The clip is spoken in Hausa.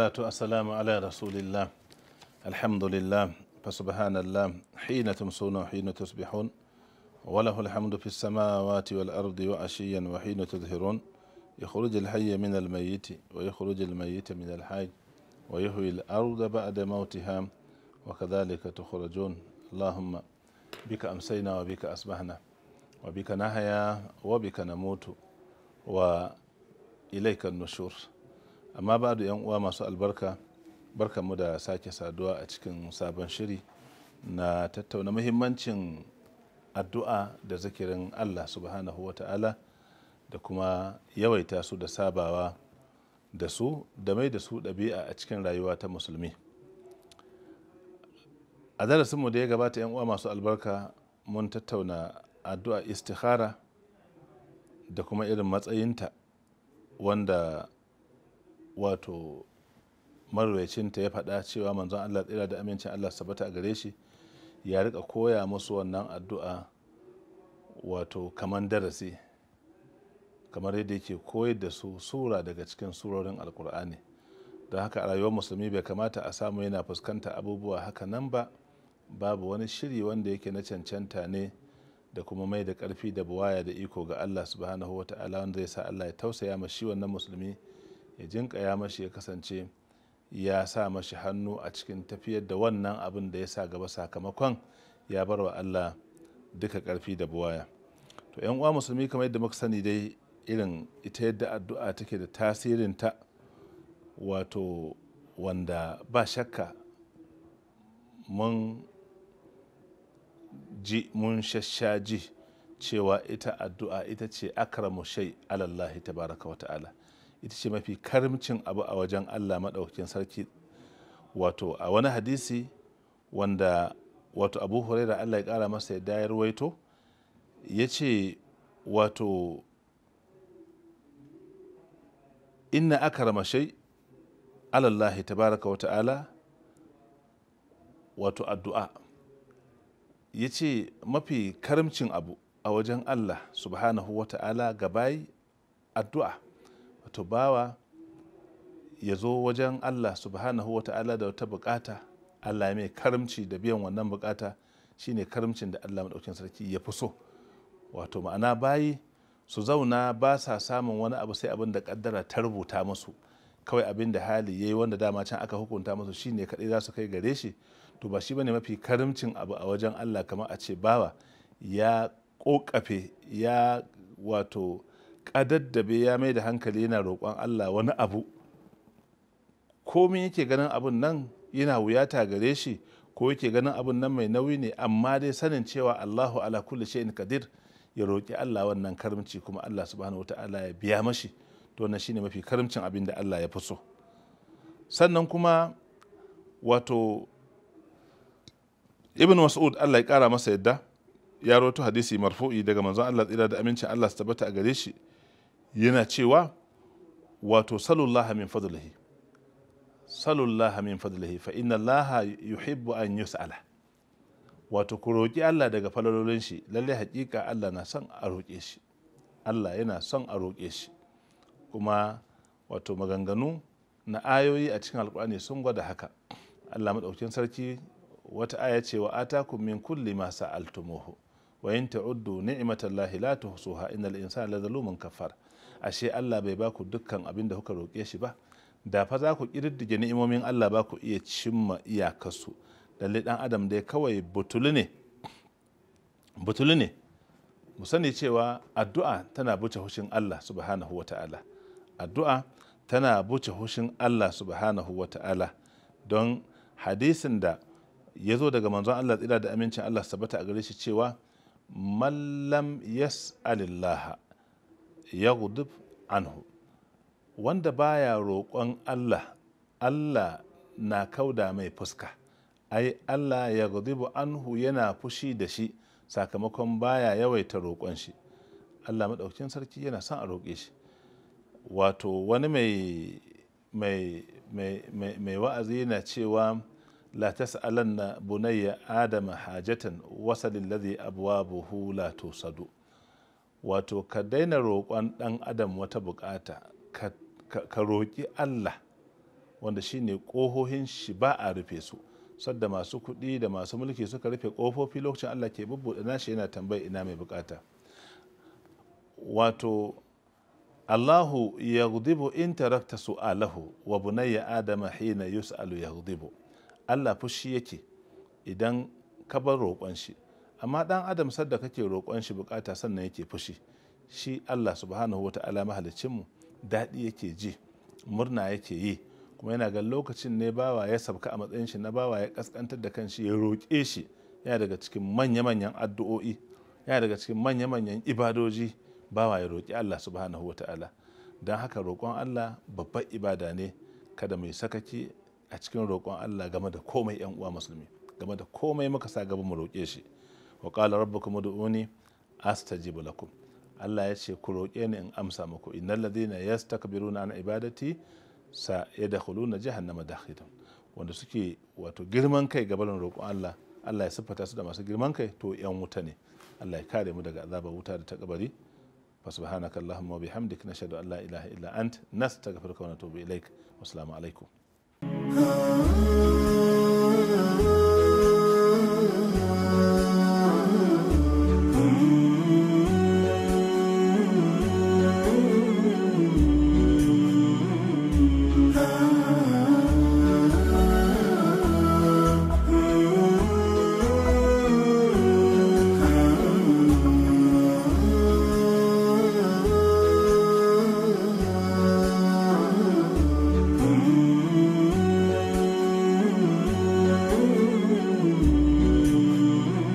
والسلام على رسول الله الحمد لله فسبحان الله حين تمسون وحين تصبحون وله الحمد في السماوات والأرض وعشيا وحين تظهرون يخرج الحي من الميت ويخرج الميت من الحي ويهوي الأرض بعد موتها وكذلك تخرجون اللهم بك أمسينا وبك أصبحنا وبك نحيا وبك نموت وإليك النشور amma ba da uwa masu albarka barka mu da sake saduwa a cikin sabon shiri na tattauna muhimmancin addu'a da zikirin allah subhanahu wa ta'ala da kuma yawaita su da sabawa da su da mai da su ɗabi'a a cikin rayuwa ta musulmi a darasinmu da ya gabata uwa masu albarka mun tattauna addu'a istihara da kuma irin matsayinta wanda wato marwacinta ya faɗa cewa manzon Allah tsira da amincin Allah sabata a gare shi ya rika koya musu wannan addu'a wato kaman darasi kamar yadda yake koyar da su sura daga cikin surorin alkur'ani don haka a rayuwar musulmi bai kamata a samu yana fuskanta abubuwa haka nan ba babu wani shiri wanda yake na cancanta ne da kuma mai da ƙarfi da buwaya da iko ga allah subhanahu wa ta'ala wanda zai sa allah ya tausaya ma shi wannan musulmi ya jinkaya mashi ya kasance ya sa mashi hannu a cikin tafiyar da wannan abin da ya sa gaba sakamakon ya bar wa Allah duka karfi da buwaya to yan uwa musulmi kamar yadda muka sani dai irin ita yadda addu'a take da tasirin ta wato wanda ba shakka mun ji mun shashaji cewa ita addu'a ita ce akramu shai alallahi tabaraka wa ta'ala ita ce mafi karimcin abu a wajen Allah maɗaukakin sarki wato a wani hadisi wanda wato abu huraira Allah ya ƙara masa ya dayar waito ya ce wato inna aka ramashai alallahi tabaraka wa ta'ala wato addu'a ya ce mafi karimcin abu a wajen Allah subhanahu wa ta'ala gabai addu'a to bawa ya zo wajen Allah subhanahu wa ta'ala da wata bukata Allah mai karamci da biyan wannan bukata shine karamcin da Allah maɗaukin sarki ya fi so wato ma'ana bayi su zauna ba sa samun wani abu sai abin da kaddara ta rubuta musu kawai abin da hali yayi wanda dama can aka hukunta musu shine kadai za su kai gare shi to ba shi bane mafi karimcin abu a wajen Allah kamar a ce bawa ya kokafe ya wato ƙadaddabe ya mai da hankali yana roƙon Allah wani abu komi yake ganin abun nan yana wuyata gare shi ko yake ganin abun nan mai nauyi ne amma dai sanin cewa Allahu ala kulli shay'in kadir ya roƙi Allah wannan karimci kuma Allah subhanahu wata'ala ya biya mashi to wannan shine mafi karimcin abin da Allah ya fi so sannan kuma wato ibn mas'ud Allah ya kara masa yadda ya roto hadisi marfu'i daga manzon Allah tsira da amincin Allah su tabbata a gare shi yana cewa wato salullaha min fadlihi salullaha min fadlihi fa inna allaha yuhibbu an yus'ala wato ku roƙi Allah daga falalolin shi lalle haƙiƙa Allah na son a roƙe shi Allah yana son a roƙe shi kuma wato maganganu na ayoyi a cikin alkur'ani sun gwada haka Allah madaukakin sarki wata aya ce wa atakum min kulli ma sa'altumuhu wa in ta'uddu ni'matallahi la tuhsuha innal insana la zalumun kaffar. ashe Allah bai baku dukkan abin da kuka roƙe shi ba da fa za ku kirdige ni'imomin Allah ba ku iya cimma iyakarsu lalle dan adam dai kawai butulu ne butulu ne mu cewa addu'a tana buce hushin Allah subhanahu wa addu'a tana buce hushin Allah subhanahu wa don hadisin da ya zo daga manzon Allah tsira da amincin Allah sabata a gare shi cewa mallam yas'alillaha ya gudub anhu wanda baya roƙon Allah Allah na kauda mai fuska ai Allah ya anhu yana fushi da shi sakamakon baya yawaita roƙon shi Allah maɗaukacin sarki yana son a roƙe shi wato wani mai wa'azi yana cewa la tas'alanna bunayya adama hajatan wasalin ladhi abwabuhu la tusadu wato ka daina roƙon ɗan adam wata buƙata ka roƙi allah wanda shine ƙohohin shi ba a rufe su sadda masu kuɗi da masu mulki suka rufe ƙofofi lokacin allah ke bubbuɗe nashi yana tambayi ina mai buƙata wato allahu yaghdibu in tarakta su'alahu wa bunayya adama hina yus'alu yaghdibu allah fushi yake idan ka bar roƙon shi amma dan adam sadda kake roƙon shi bukata sannan yake fushi shi Allah subhanahu wa ta'ala mahalicin mu daɗi yake ji murna yake yi kuma yana ga lokacin ne bawa ya sabka a matsayin shi na bawa ya kaskantar da kanshi ya roƙe shi yana daga cikin manya-manyan addu'o'i yana daga cikin manya-manyan ibadoji bawa ya roƙi Allah subhanahu wa ta'ala don haka roƙon Allah babbar ibada ne kada mai sakaki a cikin roƙon Allah game da komai 'yan uwa musulmi game da komai muka sa gaba mu roƙe shi wa qala rabbukum ud'uni astajib ku. Allah ya ce ku roƙe ni in amsa muku innal ladina na ana ibadati sa jihar na dakhilan wanda suke wato girman kai gabanin roƙon Allah Allah ya siffata su da masu girman kai to yan wuta ne Allah ya kare mu daga azabar wuta da ta kabari illa اللهم وبحمدك نشهد أن لا إله إلا أنت نستغفرك ونتوب إليك والسلام عليكم